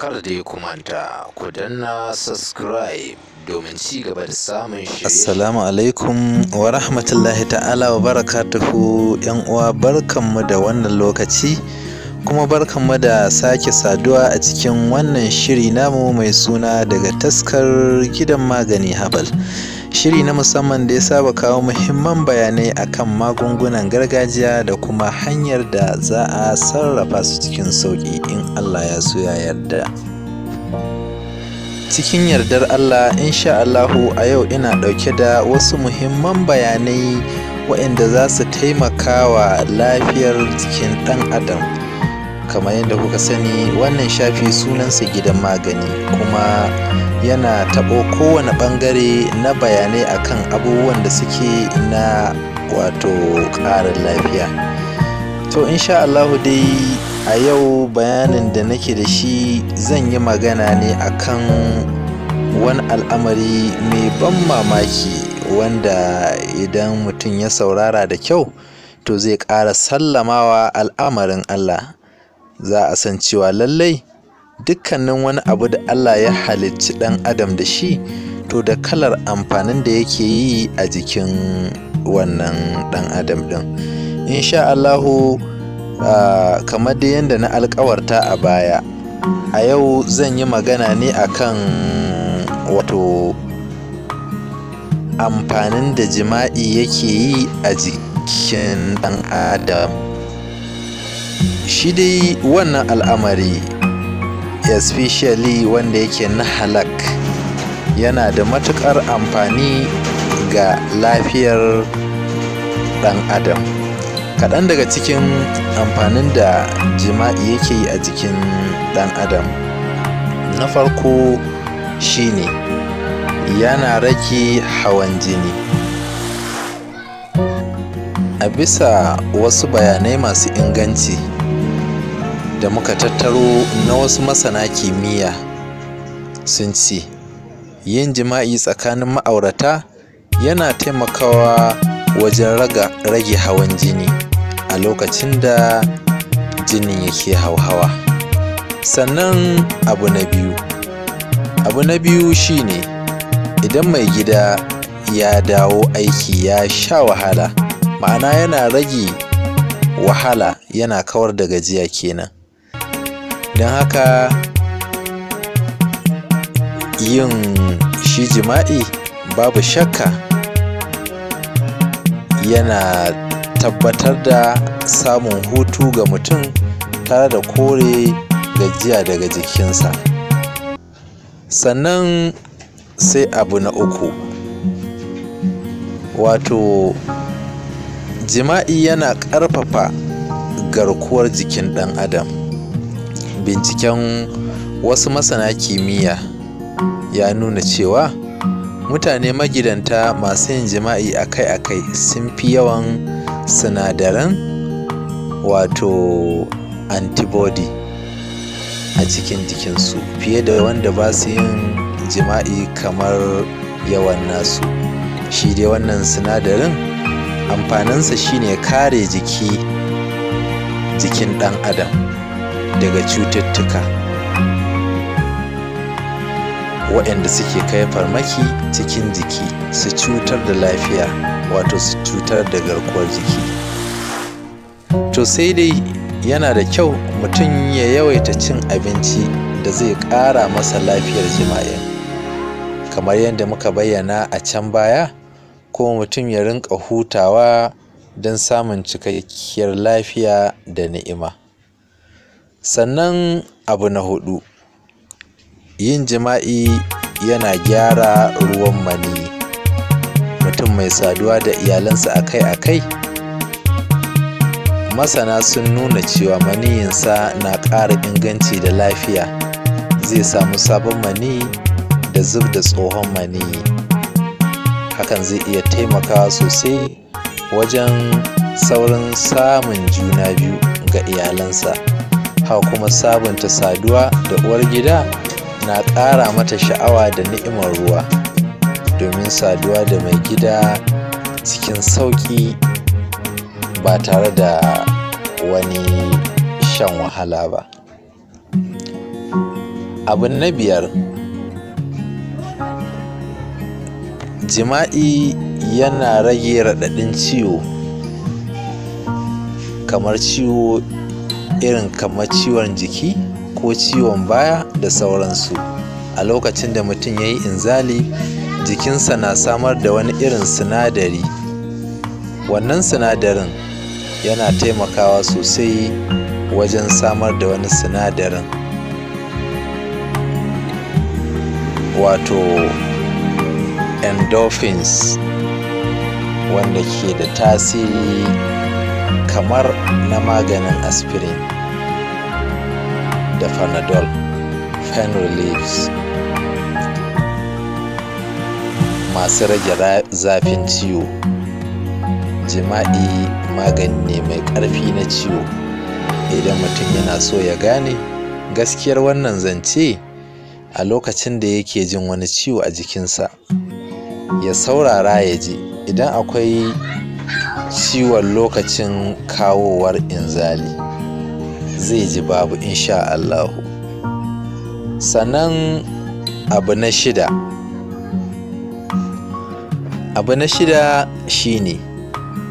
kar da ya kumanta ku danna subscribe domin ci gaba da samun shirye assalamu alaikum wa rahmatullahi ta'ala wa barakatuhu yan uwa barkanmu da wannan lokaci kuma barkanmu da sake saduwa a cikin wannan shiri namu mai suna daga taskar gidan magani habal shiri na musamman da ya saba kawo muhimman bayanai akan magungunan gargajiya da kuma hanyar da za a sarrafa su cikin sauƙi in Allah ya so ya yarda. Cikin yardar Allah, insha Allahu a yau ina ɗauke da wasu muhimman bayanai waɗanda za su taimaka wa lafiyar cikin ɗan adam. kamar yadda kuka sani wannan shafi sunansa gidan magani kuma yana taɓo kowane ɓangare na bayanai akan abubuwan da suke na wato ƙarin lafiya to insha Allahu dai a yau bayanin da nake da shi zan yi magana ne akan wani al'amari mai ban mamaki wanda idan mutum ya saurara da kyau to zai ƙara sallamawa al'amarin Allah za a san cewa lallai dukkanin wani abu da Allah ya halicci ɗan adam da shi to da kalar amfanin da yake yi a jikin wannan ɗan adam ɗin insha Allahu kamar da yadda na alkawarta a baya a yau zan yi magana ne akan wato amfanin da jima'i yake yi a jikin ɗan adam shi dai wannan al'amari especially wanda yake na halak yana da matuƙar amfani ga lafiyar ɗan adam kaɗan daga cikin amfanin da jima'i yake yi a jikin ɗan adam na farko shine yana rage hawan jini a bisa wasu bayanai masu inganci da muka tattaro na wasu masana kimiyya sun ce yin jima'i tsakanin ma'aurata yana taimakawa wajen rage hawan jini a lokacin da jinin yake hauhawa sannan abu na biyu abu na biyu shine idan mai gida ya dawo aiki ya sha wahala ma'ana yana rage wahala yana kawar da gajiya kenan don haka yin shi jima'i babu shakka yana tabbatar da samun hutu ga mutum tare da kore gajiya daga jikinsa sannan sai abu na uku wato jima'i yana ƙarfafa garkuwar jikin ɗan adam binciken wasu masana kimiyya ya nuna cewa mutane magidanta masu yin jima'i akai-akai sun fi yawan sinadaran wato antibody a cikin jikinsu fiye da wanda ba su yin jima'i kamar yawan nasu shi dai wannan sinadarin amfaninsa shine kare jiki jikin ɗan adam daga cututtuka waɗanda suke kai farmaki cikin jiki su cutar da lafiya wato su cutar da garkuwar jiki to sai dai yana da kyau mutum ya yawaita cin abinci da zai ƙara masa lafiyar jima'i kamar yadda muka bayyana a can baya ko mutum ya rinka hutawa don samun cikakkiyar lafiya da ni'ima sannan abu na hudu yin jima'i yana gyara ruwan mani mutum mai saduwa da iyalansa akai-akai masana sun nuna cewa maniyinsa na ƙara inganci da lafiya zai samu sabon mani da zub da tsohon mani hakan zai iya taimakawa sosai wajen saurin samun juna biyu ga iyalansa a kuma sabunta saduwa da uwar gida na ƙara mata sha'awa da ni'imar ruwa domin saduwa da mai gida cikin sauƙi ba tare da wani shan wahala ba abin na biyar jima'i yana rage raɗaɗin ciwo kamar ciwo irin kamar ciwon jiki ko ciwon baya da sauransu a lokacin da mutum ya yi inzali jikinsa na samar da wani irin sinadari wannan sinadarin yana taimakawa sosai wajen samar da wani sinadarin wato endorphins wanda ke da tasiri kamar na maganin aspirin da fanadol pain reliefs masu rage zafin ciwo jima'i magani ne mai ƙarfi na ciwo idan mutum yana so ya gane gaskiyar wannan zance a lokacin da yake jin wani ciwo a jikinsa ya saurara ya ji idan akwai ciwon lokacin kawowar inzali zai ji babu insha Allahu sannan abu na shida abu na shida shine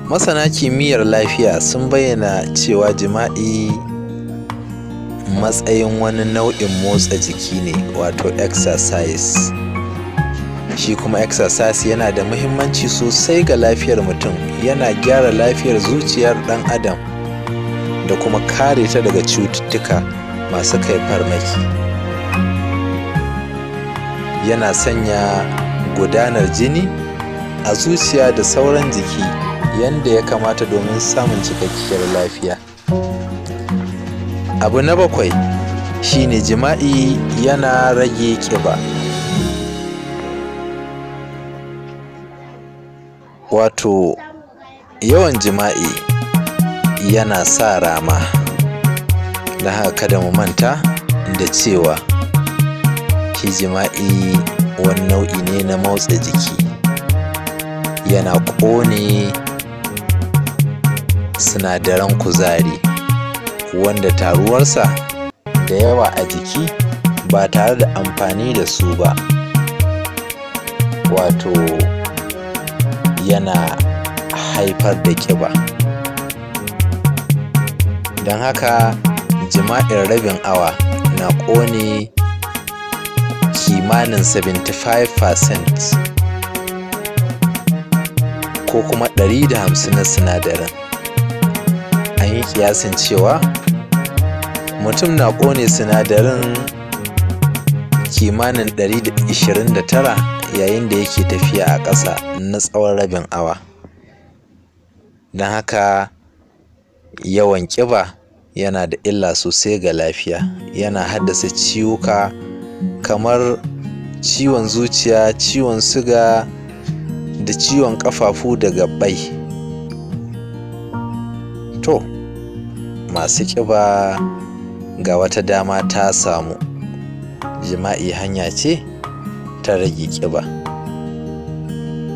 masana kimiyyar lafiya sun bayyana cewa jima'i matsayin wani nau'in motsa jiki ne wato exercise shi kuma exercise yana da muhimmanci sosai ga lafiyar mutum yana gyara lafiyar zuciyar ɗan adam da kuma kare ta daga cututtuka masu kai farmaki yana sanya gudanar jini a zuciya da sauran jiki yanda ya kamata domin samun cikakkiyar lafiya abu na bakwai shine jima'i yana rage ƙiba wato yawan jima'i yana sa rama Na haka kada mu manta da cewa hijima'i wani nau'i ne na motsa jiki yana ƙone sinadaran kuzari wanda taruwarsa da yawa a jiki ba tare da amfani da su ba wato yana haifar da ƙiba. don haka jima'in rabin awa na ƙone kimanin 75% ko kuma 150 na sinadarin an yi kiyasin cewa mutum na ƙone sinadarin kimanin 129 yayin da yake tafiya a ƙasa na tsawon rabin awa don haka yawan ƙiba yana da illa sosai ga lafiya yana haddasa ciwuka kamar ciwon zuciya ciwon suga da ciwon ƙafafu daga gabbai to masu ƙiba ga wata dama ta samu jima'i hanya ce ta rage ƙiba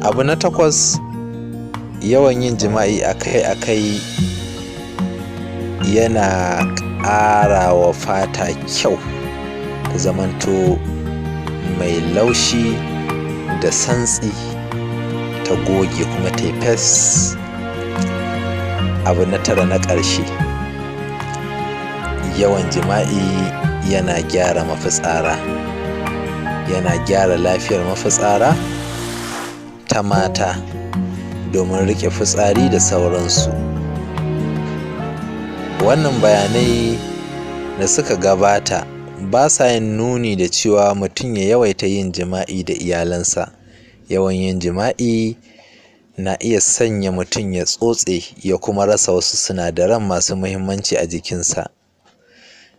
abu na takwas yawan yin jima'i akai-akai yana ƙara wa fata kyau ta zamanto mai laushi da santsi ta goge kuma ta fes abu na tara na ƙarshe yawan jima'i yana gyara mafitsara yana gyara lafiyar mafitsara ta mata domin riƙe fitsari da sauransu wannan bayanai da suka gabata ba sa yin nuni da cewa mutum ya yawaita yin jima'i da iyalansa yawan yin jima'i na iya sanya mutum ya tsotse ya kuma rasa wasu sinadaran masu muhimmanci a jikinsa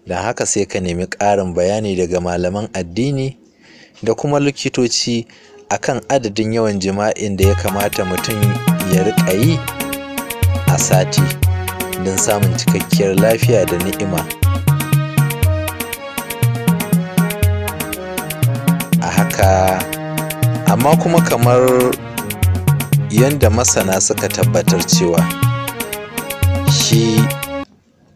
don haka sai ka nemi ƙarin bayani daga malaman addini da kuma likitoci akan adadin yawan jima'in da ya kamata mutum ya riƙa yi a sati don samun cikakkiyar lafiya da ni'ima a haka amma kuma kamar yadda masana suka tabbatar cewa shi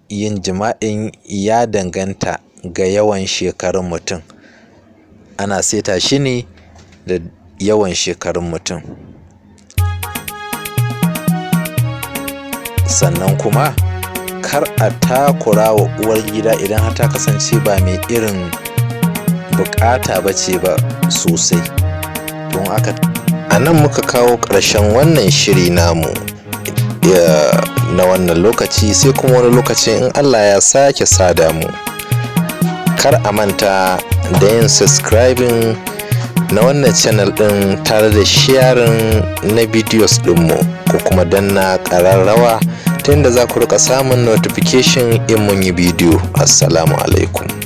yin jima'in ya danganta ga yawan shekarun mutum ana saita shi ne da yawan shekarun mutum sannan kuma kar a takura wa uwar gida idan har ta kasance ba mai irin bukata ba ce ba sosai don aka a nan muka kawo ƙarshen wannan shiri namu na wannan lokaci sai kuma wani lokacin in allah ya sake sada mu kar a manta da yin subscribing na wannan channel din tare da sharing na videos dinmu ko kuma danna ƙararrawa ta za ku rika samun notification in mun yi bidiyo assalamu alaikum